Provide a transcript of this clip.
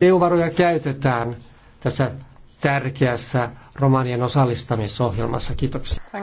EU-varoja käytetään tässä tärkeässä romanien osallistamisohjelmassa. Kiitoksia.